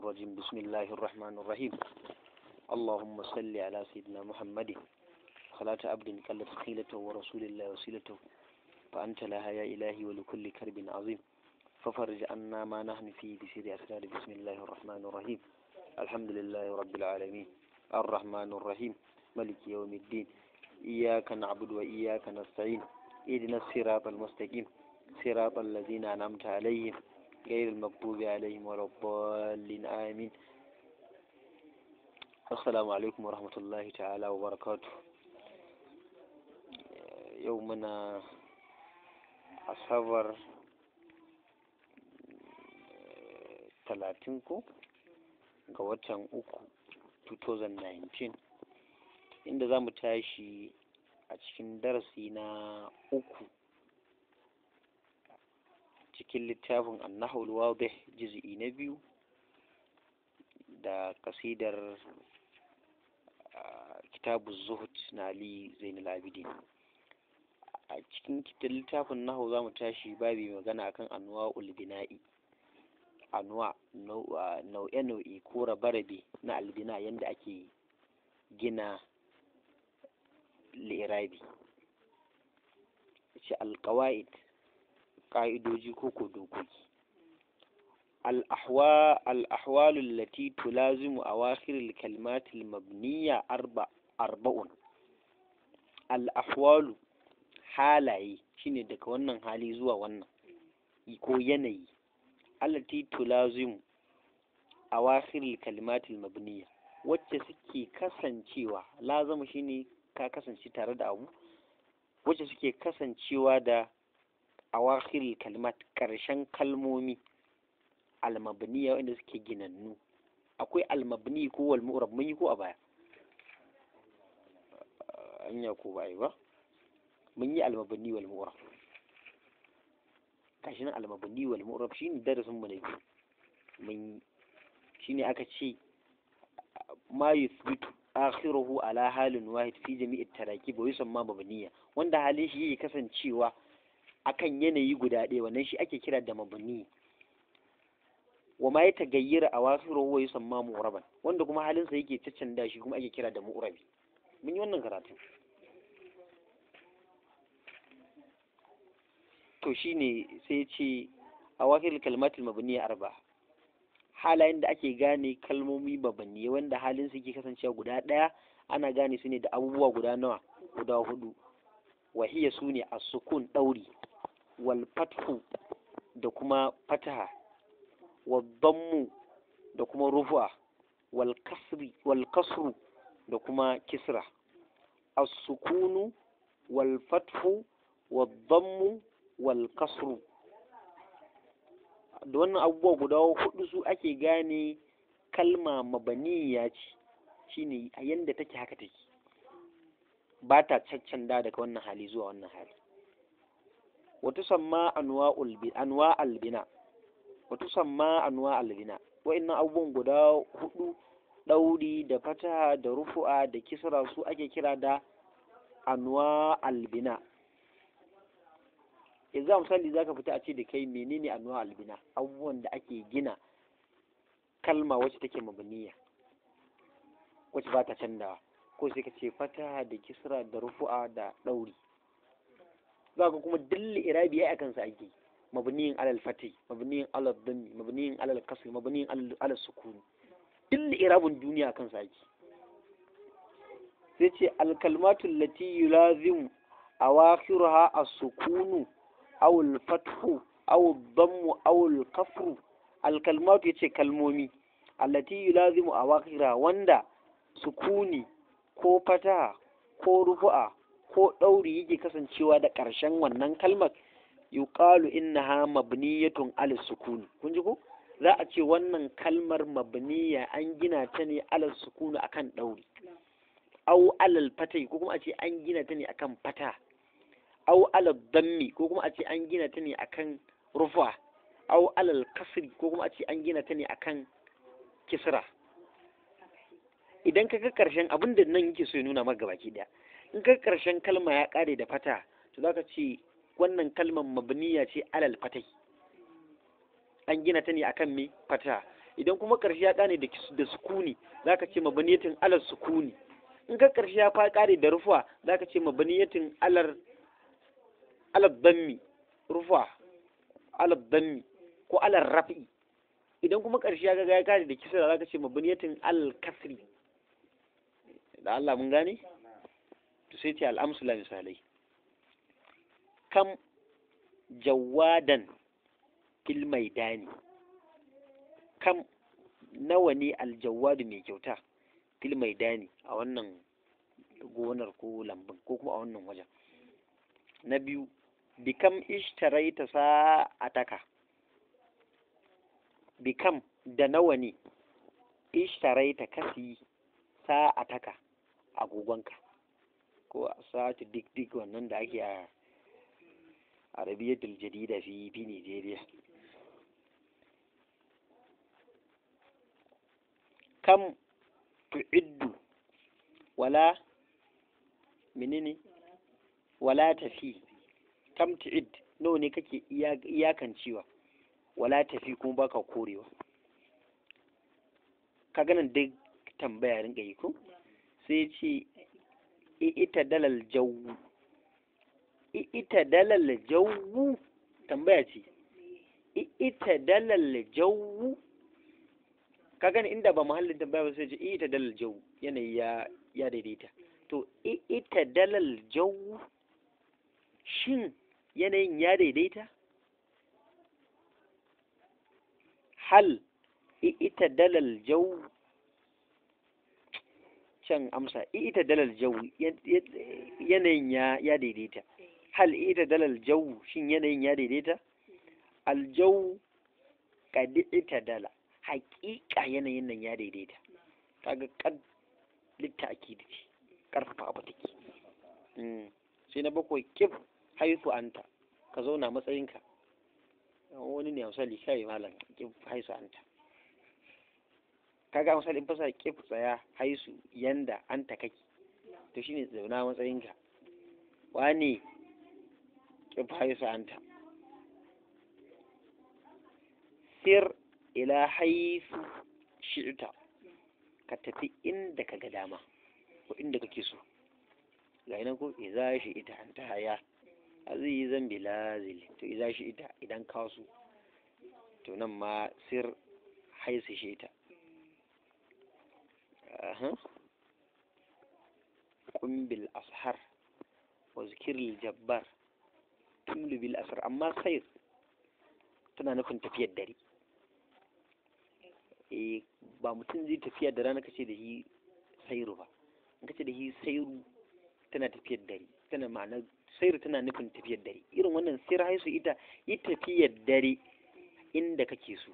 الرجيم بسم الله الرحمن الرحيم اللهم صل على سيدنا محمد صلاة عبد كلف خيلته ورسول الله وسيلته فأنت لها يا إلهي ولكل كرب عظيم ففرج عنا ما نحن فيه بسير أسرار بسم الله الرحمن الرحيم الحمد لله رب العالمين الرحمن الرحيم ملك يوم الدين إياك نعبد وإياك نستعين إذن الصراط المستقيم صراط الذين أنعمت عليهم غير المغضوب عليهم ولا Amin? آمين assalamu alaikum warahmatullahi ta'ala wa barakatu yau muna asabar talatin ko ga watan uku 2019 inda za mu tashi a cikin darasi na uku cikin littafin annahul wadih jizi'i na biyu da kasidar kitabu zuhud na ali zainul abidin a cikin littafin nahu za mu tashi babi magana akan anwa ulbina'i anwa nau'e nau'i ko rabarabe na albina yadda ake gina lirabi ce alkawa'id ƙa'idoji ko ko dokoki الأحوال التي lazimu a wakilin kalmatin mabniya arba'un al'ahwalu halaye shine daga wannan hali zuwa wannan ko yanayi allati tulazimu wakilin kalmatin mabniya wacce suke kasancewa lazama shine ka kasance tare da abu wacce suke kasancewa da wakilin kalmat ƙarshen kalmomi almabniya wanda suke ginannu akwai almabni ko wal mu'rab mun yi ko a baya anya ko ba ba mun yi almabni wal mu'rab kashi nan almabni wal mu'rab shine darasin mu ne mun shine aka ce ma yusbit akhiruhu ala halin wahid fi jami'i taraki wa yusamma mabniya wanda halin shi yake kasancewa akan yanayi guda ɗaya wannan shi ake kira da mabni wa ma ya tagayyara a wasu wa yusamma mu'raban wanda kuma halinsa yake da shi kuma ake kira da mu'rabi mun yi wannan karatu to ne sai ya ce a wakil kalmatul ya arba halayen da ake gane kalmomi mabni wanda halin yake ke kasancewa guda ɗaya ana gane su ne da abubuwa guda nawa guda hudu wahiya su ne a sukun ɗauri wal fathu da kuma fataha wal da kuma rufa wal da kuma kisra as-sukunu wal fathu da wannan abubuwa guda hudu su ake gane kalma mabaniya ce shine a yanda take haka take ba ta caccan da daga wannan hali zuwa wannan hali watusamma anwa'ul anwa'al bina watusamma anwa'al abubuwan guda hudu ɗauri da fataha da rufu'a da kisra su ake kira da anwa'al bina yanzu a misali zaka fita a ce da kai menene anwa'al bina abubuwan da ake gina kalma wacce take mabaniya wacce ba ta candawa? ko sai ka ce fataha da kisra da rufu'a da ɗauri za ka kuma dille irabi ya akan sa ake mabniyin alal fati mabniyin alal dhammi mabniyin alal kasri mabniyin alal sukun dille irabin duniya kan sa ake sai ce alkalmatu lati yulazimu awakhiruha as-sukunu aw al-fathu aw ad-dammu aw al-kasru alkalmatu yace kalmomi allati yulazimu awakhira wanda sukuni ko fataha ko rufu'a ko ɗauri yake kasancewa da ƙarshen wannan kalmar yuqalu innaha mabniyatun al sukun kun ji ko za a ce wannan kalmar mabniya an gina ta ne alal akan ɗauri au alal fatai ko kuma a ce an gina ta ne akan fata au alal dammi ko kuma a ce an gina ta ne akan rufa au alal kasri ko kuma a ce an gina ta ne akan kisra idan ka ga karshen abin da nan yake so ya nuna maka baki daya in ka karshen kalma ya kare da fata to zaka ce wannan kalmar mabniya ce alal fatai an gina ta ne akan me fata idan kuma karshe ya kare da da sukuni zaka ce mabniyatin alal sukuni in ka karshe ya fa kare da rufa zaka ce mabniyatin alal alal dammi rufa alal dammi ko alal rafi idan kuma karshe ya ga ya kare da kisra zaka ce mabniyatin alal kasri da Allah mun gane to sai ce al'amsu la misalai kam jawadan fil maidani kam nawa ne aljawadu mai kyauta fil maidani a wannan gonar ko lambun ko kuma a wannan wajen na biyu bikam ta sa'ataka bikam da nawa ne sa kasi sa'ataka agogonka ko a sati dik dik wannan da ake a arabiyatul jadida fi fi nigeria kam tu'iddu wala menene wala tafi kam tu'id nawa ne kake iyakancewa wala tafi kuma baka korewa ka ganin duk tambaya ga yi ko sai ce ita dalal jawu ita dalal jawu tambaya ce ita dalal jawu ka gani inda ba muhallin tambaya ba sai ce ita dalal jawu yanayi ya ya daidaita to ita dalal jawu shin yanayin ya daidaita hal ita dalal jawu can amsa ita dalal jawu yanayin ya daidaita hal ita dalal jawu shin yanayin ya daidaita aljawu kadi ita dala hakika yanayin nan ya daidaita kaga kad litta akidi ce karfafa abu take mm. sai na bakwai kif haifu anta ka zauna matsayinka wani ne a misali shayi malam kif haifu anta kaga misali in fasa kif tsaya haisu yanda an ta kake to shine zauna matsayin ka wani fa haisu an ta? sir ila haisu shi'ta ka tafi inda ka ga dama ko inda kake so ga ina ko iza shi ita an ta haya yi zan bilazil to iza shi ita idan ka so to nan ma sir haisu shi ita kun bil ashar wa zikiril jabbar tulu bil ashar amma khair tana nufin tafiyar dare eh ba mutum zai tafiya da rana kace da shi sairu ba in kace da shi sairu tana tafiyar dare tana ma'ana sairu tana nufin tafiyar dare irin wannan sairu haisu ita yi tafiyar dare inda kake so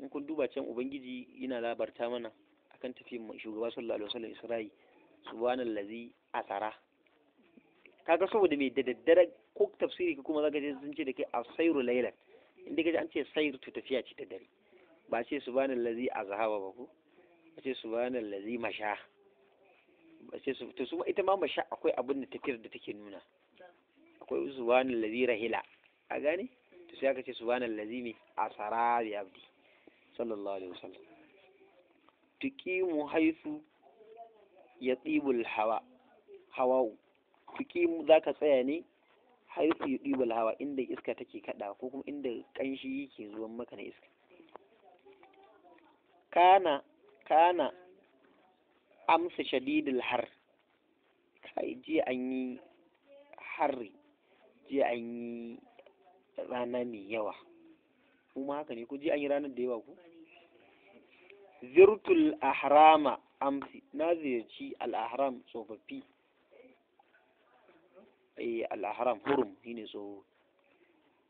in kun duba can ubangiji yana labarta mana akan tafiyan shugaba sallallahu alaihi wasallam Isra'i subhanallazi asara kaga saboda mai da daddare ko tafsiri ka kuma zaka je sun ce da kai asairu laylan inda kaje an ce sairu to tafiya ce da dare ba ce subhanallazi azhaba ba ko ba ce subhanallazi masha ba ce to su ita ma masha akwai abin da tafiyar da take nuna akwai subhanallazi rahila a gane to sai aka ce subhanallazi mi asara bi abdi sallallahu alaihi wasallam tukimu haisu ya tsibul hawa hawa'u tukimu za ka tsaya ne haisu ya tsibul hawa inda iska take kada ko kuma inda kanshi yake zuwan maka na iska kana kana amsa shadidul har kai ji an yi harri ji an yi rana mai yawa kuma haka ne ku ji an yi ranar da yawa ku zirtul ahrama amsi na ziyarci al'ahram tsofaffi eh al'ahram hurum shine tsoho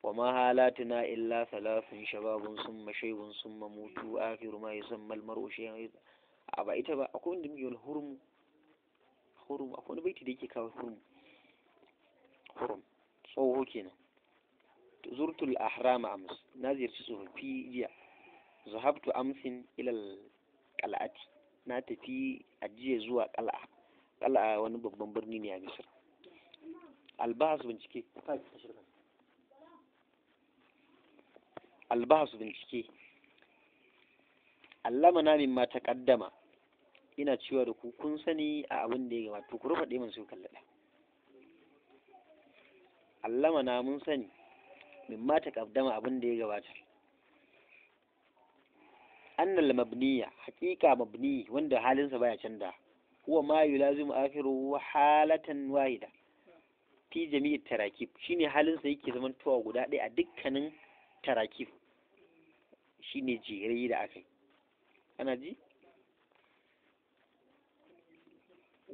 wa ma halatuna illa salasun shababun summa shaybun summa mutu akhiru ma yusamma al-mar'u a ba ita ba akwai wanda muke wani hurum hurum akwai wani baiti da yake kawo hurum hurum tsoho kenan zurtul ahrama amsi na ziyarci tsofaffi jiya zahabtu amsin ilal qal'ati na tafi ajiye zuwa qal'a qal'a wani babban birni ne a misir albahas bincike albahas bincike allama na mimma ta kaddama ina cewa da ku kun sani a abin da ya gabata ku rufe ɗaya su kallada allama na mun sani mimma ta kaddama abin da ya gabata annal mabniya haƙiƙa mabni wanda halinsa baya canza huwa ma yulazimu akhiru halatan wahida fi jami'i tarakib shine sa yake zaman guda ɗaya a dukkanin tarakib shine jere da akai ana ji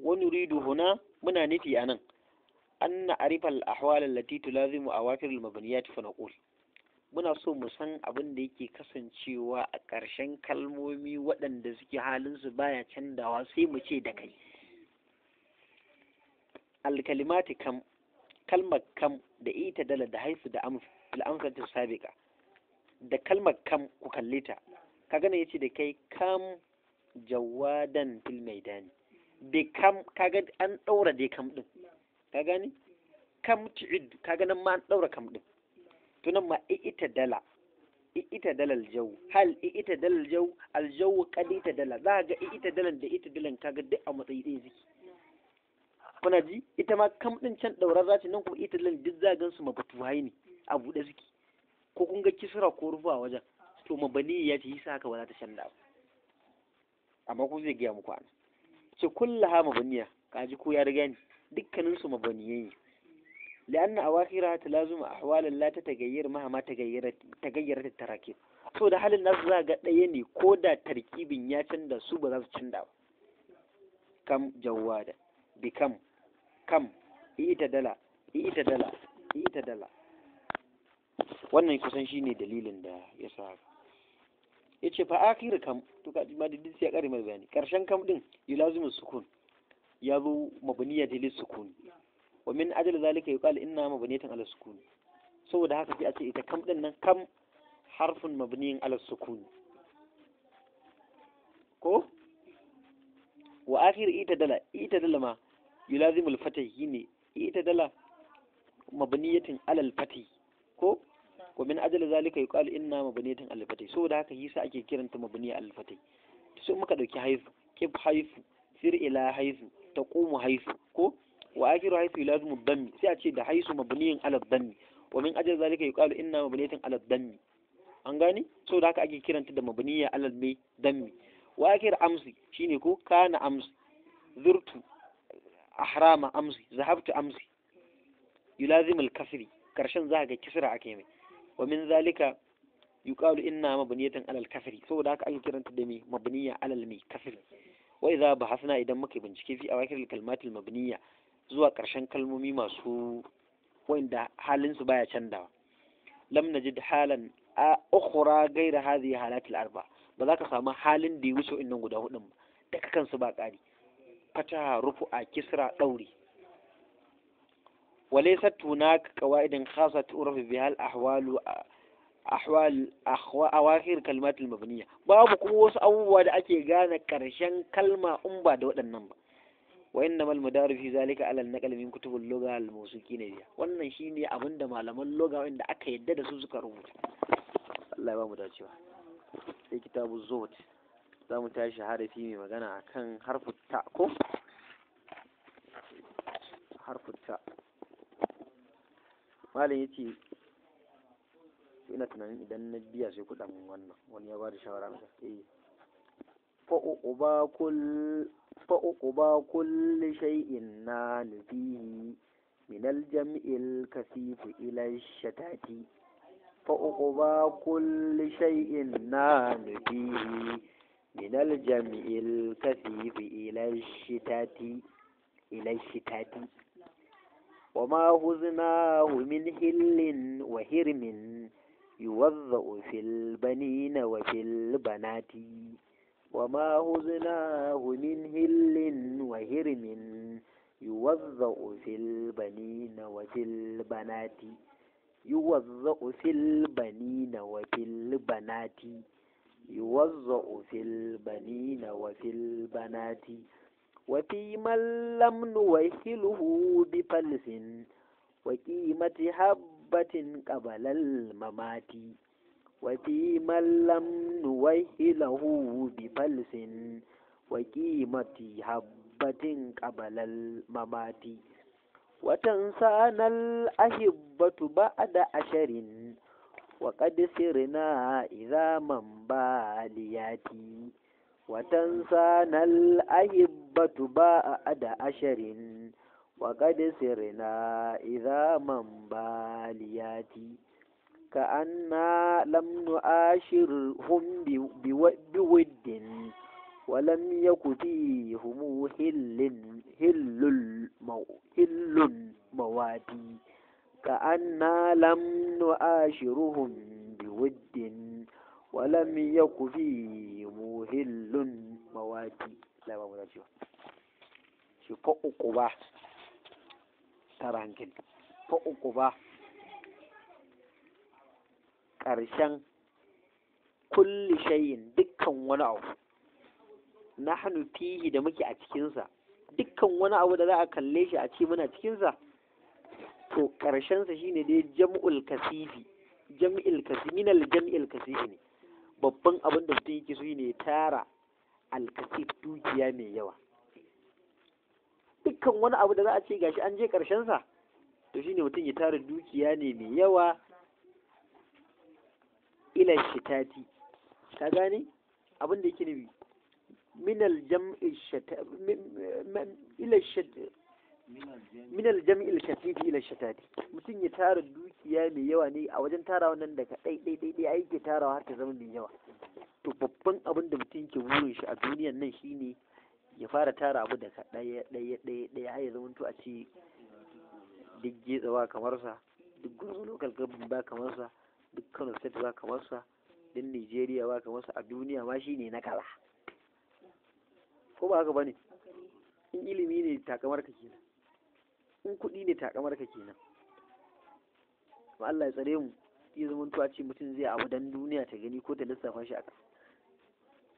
wani ridu huna muna nufi anan an na arifal ahwal allati tulazimu awakirul mabniyat fa naqul muna so mu san abin da yake kasancewa a ƙarshen kalmomi waɗanda suke halinsu baya canzawa sai mu ce da kai alkalimati kam kalmar kam da ita dala da haifu da al'amfatin sabika da kalmar kam ku kalle ta ka gane ya ce da kai kam jawadan fil maidani Be kam kaga an ɗaura dai kam ɗin ka gani? kam tu'id kaga nan ma an ɗaura kam ɗin tunan ma ita dala ita dalal jau hal ita dalal jau al jau ita dala za ga ita dalan da ita dalan kaga duk a matsayi ɗaya ziki kuna ji ita ma kam din can daura za nan kuma ita dalan duk za gan su mabatuwai ne a buɗe ziki ko kun ga kisra ko rufa a wajen to mabani ya ce sa haka ba za ta canza ba amma ku zai gaya muku ana ce kullaha mabaniya ji ko ya riga ni dukkanin su mabaniyai لأن أواخرها تلازم أحوالا لا تتغير مهما تغيرت تغيرت التراكيب so da halin nasu za ga ɗaya ne ko da tarkibin ya canza su ba za su canza ba kam jawada bikam kam ita dala ita dala ita dala wannan kusan shi ne dalilin da ya sa haka yace fa akhir kam to ka ji ma sai ya kare mai bayani karshen kam din yulazimu sukun ya zo mabniya da sukun wa min ajal zalika yuqal inna mabniyatan ala sukun saboda haka sai a ce ita kam din nan kam harfun mabniyin ala sukun ko wa akhir ita dala ita dala ma yulazimu al fatahi ne ita dala mabniyatan ala al fatih ko wa min ajal zalika yuqal inna mabniyatan ala al fatih saboda haka yasa ake kiranta mabniya al fatih sai muka dauki haizu kif haizu sir ila haizu taqumu haizu ko wa akhiru haythu ilazimu dhammi sai a ce da haisu mabniyin ala dhammi wa min ajal zalika yuqalu inna mabniyatan ala dhammi an gani? so da haka ake kiranta da mabniya ala dhammi wa akir amsi shine ko kana amsi zurtu ahrama amsi zahabtu amsi al kasri karshen za ga kisra ake mai wa min zalika yuqalu inna mabniyatan alal kasri saboda haka ake kiranta da me mabniya alal mai kasri wa idza bahasna idan muka bincike fi awakir al kalimat al mabniya zuwa ƙarshen kalmomi masu wanda halinsu baya canzawa lam najid halan ukhra ghayra hadhihi al arba ba za ka samu halin da ya wuce innan guda hudun ba kakan kansu ba ƙari fataha a kisra dauri walaysat hunaka qawaidin khasat urf bi hal ahwalu ahwal awakhir kalimat al mabniya babu kuma wasu abubuwa da ake gane ƙarshen kalma umba da waɗannan ba wa innamal madaru fi zalika alal na min kutubul lugha al mawsuqina biya wannan shine abinda malaman loga wanda aka yadda da su suka rubuta Allah ya ba mu dacewa sai kitabu za mu tashi harafi mai magana akan harfin ta ko ina tunanin idan na biya sai wannan wani ya ba da shawara eh فأقبى كل فأقبى كل شيء نال فيه من الجمع الكثيف إلى الشتات فأقبى كل شيء نال فيه من الجمع الكثيف إلى الشتات إلى الشتات وما هزناه من هل وهرم يوضع في البنين وفي البنات وما هزناه من هل وهرم يوزأ في البنين وفي البنات يوزأ في البنين وفي البنات يوزأ في البنين وفي البنات وفي من لم نوهله بفلس وقيمة حبة قبل الممات وفي من لم نويه له بفلس وقيمة حبة قبل الممات وتنسانا الأحبة بعد أشر وقد سرنا إذا من باليات وتنسانا الأحبة بعد أشر وقد سرنا إذا من بالياتي kaanna lam nu'ashir hum bi waddin wa lam yakuti hum hillin hillul maw hillun mawadi kaanna lam nu'ashiruhum bi waddin wa lam yakuti hum ƙarshen kulli shayin dukkan wani abu na hannu fihi da muke a cikinsa dukkan wani abu da za a kalle shi a ce muna cikinsa to ƙarshensa ne dai jam'ul kasifi jam'il kasifi minal jam'il kasifi ne babban abin da mutum yake so ne tara alkasif dukiya mai yawa dukkan wani abu da za a ce gashi an je ƙarshensa to shi ne mutum ya tara dukiya ne mai yawa ila shitati ka gane abin da yake nufi minal jam'i shatati ila minal jam'il shatiti ila shatati mutum ya tara dukiya mai yawa ne a wajen tarawa nan daga ɗai ɗai ɗai ɗai ake tarawa har ta zama mai yawa to babban abin da mutum ke burin shi a duniyan nan shine ya fara tara abu daga ɗaya ɗaya ɗaya ɗaya har ya zama to a ce duk getsawa kamar sa duk gurzo local government ba kamar sa duk kano state ba kamar sa din nigeria ba kamar sa a duniya ma shine na kala ko ba haka bane in ilimi ne takamar ka kenan in kuɗi ne takamar ka kenan kuma Allah ya tsare mu ya zama tuwa ce mutum zai abu dan duniya ta gani ko ta lissafa shi a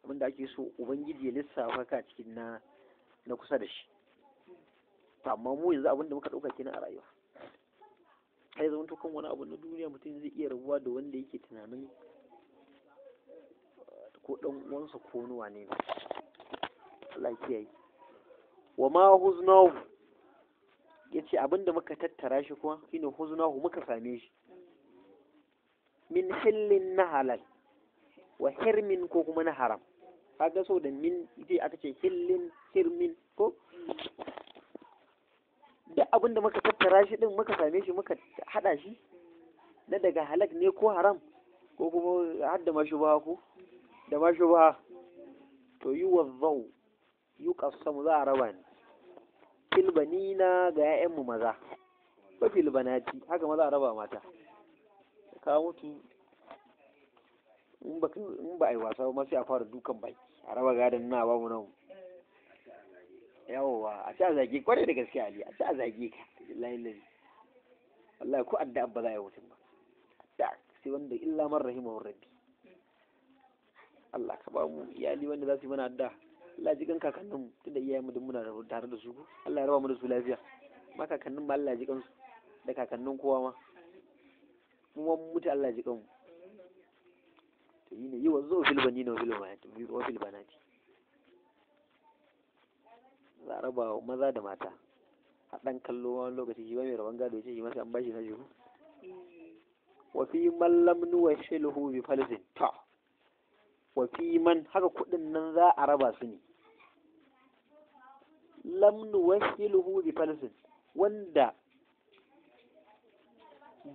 abin da ake so ubangiji ya lissafa ka cikin na na kusa da shi amma mu yanzu abinda muka ɗauka kenan a rayuwa ai zama to kan wani abu na duniya mutum zai iya rabuwa da wanda yake tunanin uh, ko dan uwansa ko wani wane ne Allah yi wa ma huznahu yace abinda muka tattara shi kuma shine huznahu muka same shi min hillin na halal wa hirmin ko kuma na haram kaga so da min ita aka ce hillin hirmin ko duk abin da muka tattara shi din muka same shi muka hada shi na daga halak ne ko haram ko kuma har da mashubaha ko da mashubaha to yi wa zau yi kasamu za a raba ni filbanina ga 'ya'yanmu maza ba filbanati haka maza a raba mata ka mutu in ba a yi wasa ba sai a fara dukan baki a raba gadon na ba mu nan yawwa a sha zage kwarai da gaske ali a sha a zage ka lailin Allah ku adda Abba za ya wuce ba da sai wanda illa man rahimahu rabbi Allah ka ba mu iyali wanda za su yi mana adda Allah ji kan kakannin mu tunda iyaye mu duk muna tare da su Allah ya raba mu da su lafiya ma kakannin ma Allah ji kansu da kakannin kowa ma mu ma mutu Allah ji kanmu to yi ne yi wa zo filbani banina wa fil banati za a raba maza da mata a ɗan kallo wani lokaci shi mai rabon gado ce shi masa an bashi na jihu hmm. wa fi man lam nuwashiluhu bi falsin ta wa fi man haka kuɗin nan za a raba su ne lam nuwashiluhu bi falsin wanda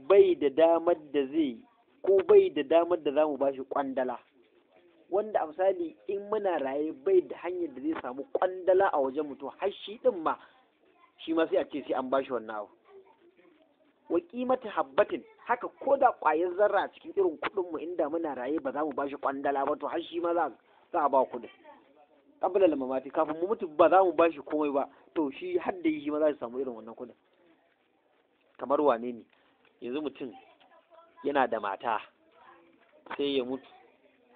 bai da damar da zai ko bai da damar da za mu bashi kwandala wanda a misali in muna raye bai da hanyar da zai samu kwandala a wajen mutum har shi din ma shi ma sai a ce sai an bashi wannan abu wa kimata habbatin haka ko da ƙwayar zarra a cikin irin kuɗin mu inda muna raye ba za mu bashi kwandala ba to har shi ma za a ba kuɗin da lamamati kafin mu mutu ba za mu bashi komai ba to shi har da shi ma za su samu irin wannan kuɗin kamar wane ne yanzu mutum yana da mata sai ya mutu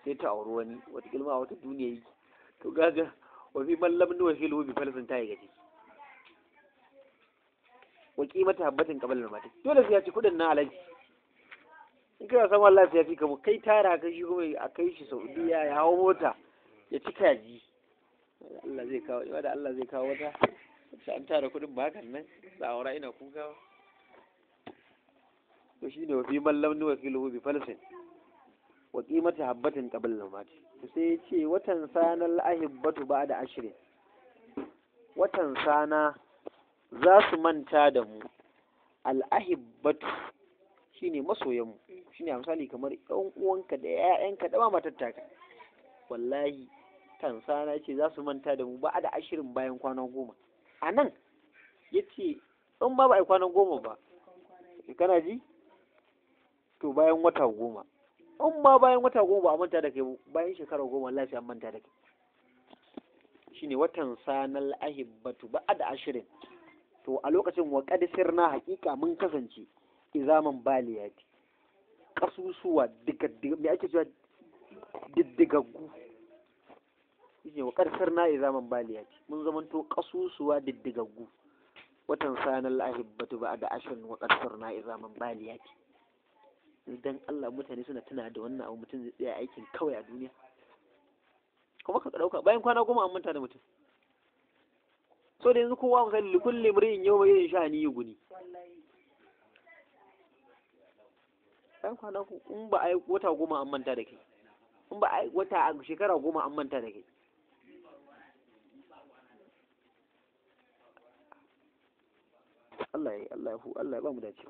sai ta auri wani wata kilma wata duniya yi to gaga wafi mallam man wafi lobi fi ta yi gaji wa mata habbatin kabalar mata dole sai ya ci kudin na alaji in kana san wallahi sai ya fi kamo kai tara ka shi kuma a kai shi saudiya ya hawo mota ya ci kaji Allah zai kawo Allah zai kawo wata sai an tara kudin bakan nan za aura ina kuka to shine ne wafi man lam nuwa fi lubi wa qimata habbatin qabl na to sai ya ce watan sana al-ahibbatu ba'da ashrin watan sana za su manta da mu al-ahibbatu shine masoyanmu shine a misali kamar yan uwanka da ƴaƴanka da ma matattaka wallahi tansa sana ce za su manta da mu ba da ashirin bayan kwana goma a nan ya ce in ba ba a kwana goma ba kana ji to bayan wata goma in ma bayan wata goma ba a manta da kai bayan shekara goma lafiya an manta da kai shine watan sanal ahibbatu ba'ad ashirin to a lokacin wa qad sirna haqiqa mun kasance izaman baliyati kasusuwa diga me ake cewa diddigaggu shine wa qad sirna izaman baliyati mun zamanto kasusuwa diddigaggu watan sanal ahibbatu ba'ad ashirin wa qad sirna izaman baliyati dan Allah mutane suna tuna da wannan abu mutum zai tsaya aikin kawai a duniya kuma ka dauka bayan kwana goma an manta da mutum so da yanzu kowa misali likulli mri'in yau mai sha ni guni bayan kwana in ba a wata goma an manta da kai in ba a wata a shekara goma an manta da kai Allah ya Allah ya Allah ya ba mu dace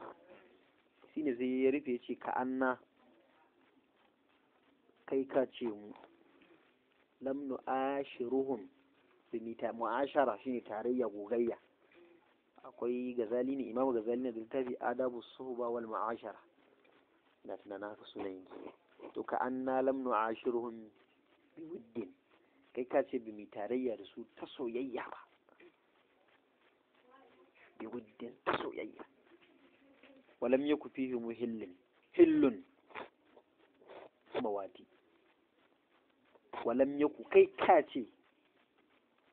shine zai ya rufe ce ka anna kai ka ce mu lamnu nu'ashiruhum bimita mu'ashara shine tarayya gogayya akwai gazali ne imamu gazali ne da tafi adabu suhba wal mu'ashara na tunanin haka suna yin to ka anna lam nu'ashiruhum biwuddin kai ka ce bimi tarayya da su ta soyayya ba biwuddin ta soyayya walam yaku fihi muhillin hillun mawati walam kai ka ce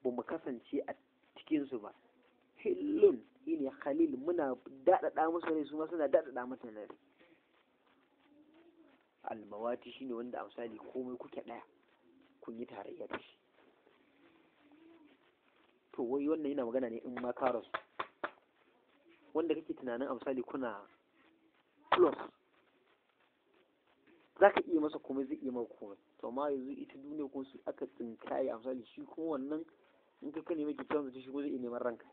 ba mu kasance a cikinsu ba hilun ne khalil muna daɗaɗa musu ne su ma suna daɗaɗa musu rai almawati shine wanda a misali komai kuke ɗaya kun yi tarayya da shi to wai wannan yana magana ne in ma karasu wanda kake tunanin a misali kuna plus za ka iya masa kuma zai iya maka kuma to amma yanzu ita duniya kuma su aka tsinkaye a misali shi kuma wannan in ka ka nemi kyakkyawan zato shi kuma zai iya neman ranka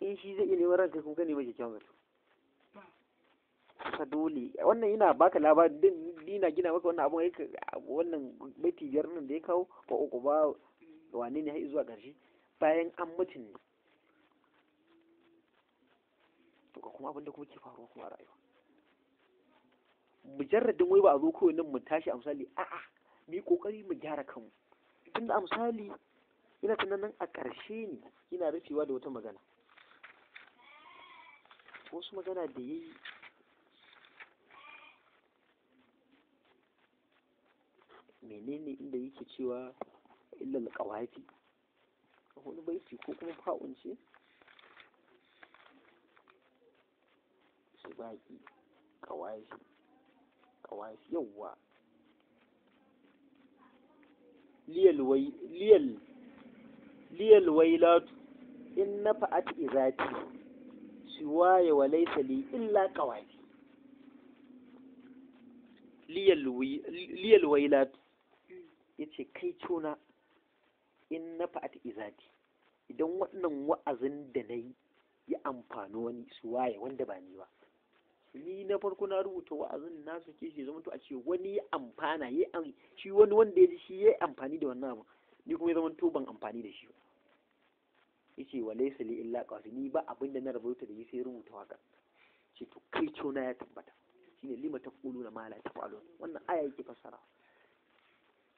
in shi zai iya neman ranka kuma ka nemi kyakkyawan zato ka dole wannan yana baka labarin dina gina maka wannan abun yake wannan baiti biyar nan da ya kawo ko uku ba wane ne har zuwa ƙarshe bayan an mutu ne ga kuma abinda kuma ke faruwa kuma a rayuwa mujarradin wai ba a zo kawai nan mu tashi a misali a'a mu yi kokari mu gyara kanmu tunda a misali ina tunan nan a ƙarshe ne ina rufewa da wata magana wasu magana da ya yi menene inda yake cewa illal ƙawafi wani baiti ko kuma fa'unce baki ka washe yawwa liyal wai liyal liyal wailatu in nafa'at izati siwaye wa laysa li illa kawafi liyal wi liyal wailatu yace kai tuna in nafa'at izati idan waɗannan wa'azin da nayi ya amfani wani suwaye wanda ba ni ba ni na farko na rubuta wa'azin na sake shi zama a ce wani ya amfana ya shi wani wanda ya ji shi ya amfani da wannan abu ni kuma ya zama to ban amfani da shi ba yace wa laysa li illa qasi ni ba abin da na rubuta da yi sai rubuta waka ce to kai na ya tabbata shine lima ta kulu na mala ta falo wannan aya yake fassara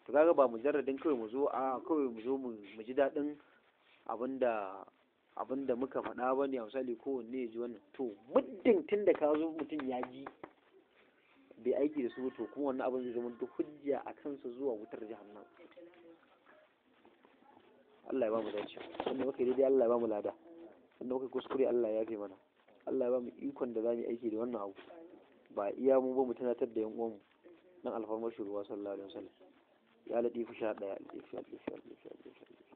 to kaga ba mujarradin kawai mu zo a kawai mu zo mu ji dadin abinda abin da muka faɗa ba ne a misali kowanne ya ji wannan to muddin tun da ka zo mutum ya ji bai aiki da su to kuma wannan abin zai zama duk hujja a kansa zuwa wutar jahannam Allah ya ba mu dace wanda muka daidai Allah ya ba mu lada wanda muka kuskure Allah ya fi mana Allah ya ba mu ikon da za mu aiki da wannan abu ba iya mu ba mu tunatar da yan mu nan alfarmar shugaba sallallahu alaihi wasallam ya latifu sha daya latifu sha latifu sha latifu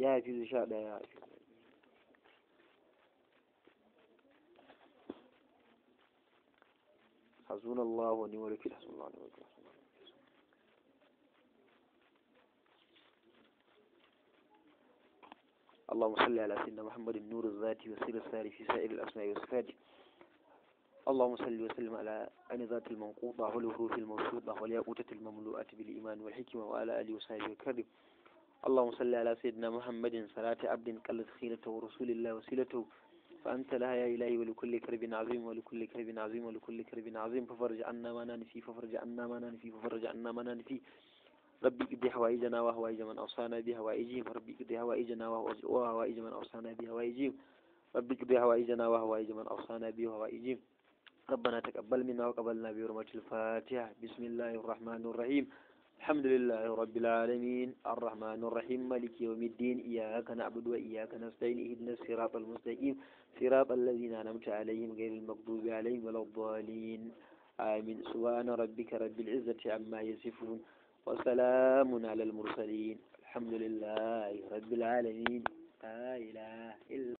يا يجوز إن شاء الله يا يجوز. حزون الله ونعم الوكيل حسبنا الله اللهم صل على سيدنا محمد النور الذاتي وسير الساري في سائر الأسماء والصفات اللهم صل وسلم على ذات المنقوطة والوحوف الموصوطة والياقوتة المملوءة بالإيمان والحكمة وعلى آله وصحبه وكرم اللهم صل على سيدنا محمد صلاة عبد قلت خيرته ورسول الله وسيلته فأنت لها يا إلهي ولكل كرب عظيم ولكل كرب عظيم ولكل كرب عظيم ففرج عنا ما ننفي ففرج عنا ما ننفي ففرج عنا ما ننفي ربي قد حوائجنا وحوائج من أوصانا بهوائجهم ربي قد حوائجنا وحوائج من أوصانا بهوائجهم ربي قد حوائجنا وحوائج من أوصانا بهوائجهم ربنا تقبل منا وقبلنا بحرمة الفاتحة بسم الله الرحمن الرحيم الحمد لله رب العالمين الرحمن الرحيم مالك يوم الدين إياك نعبد وإياك نستعين اهدنا الصراط المستقيم صراط الذين أنعمت عليهم غير المغضوب عليهم ولا الضالين آمين سبحان ربك رب العزة عما يصفون وسلام على المرسلين الحمد لله رب العالمين لا إله إلا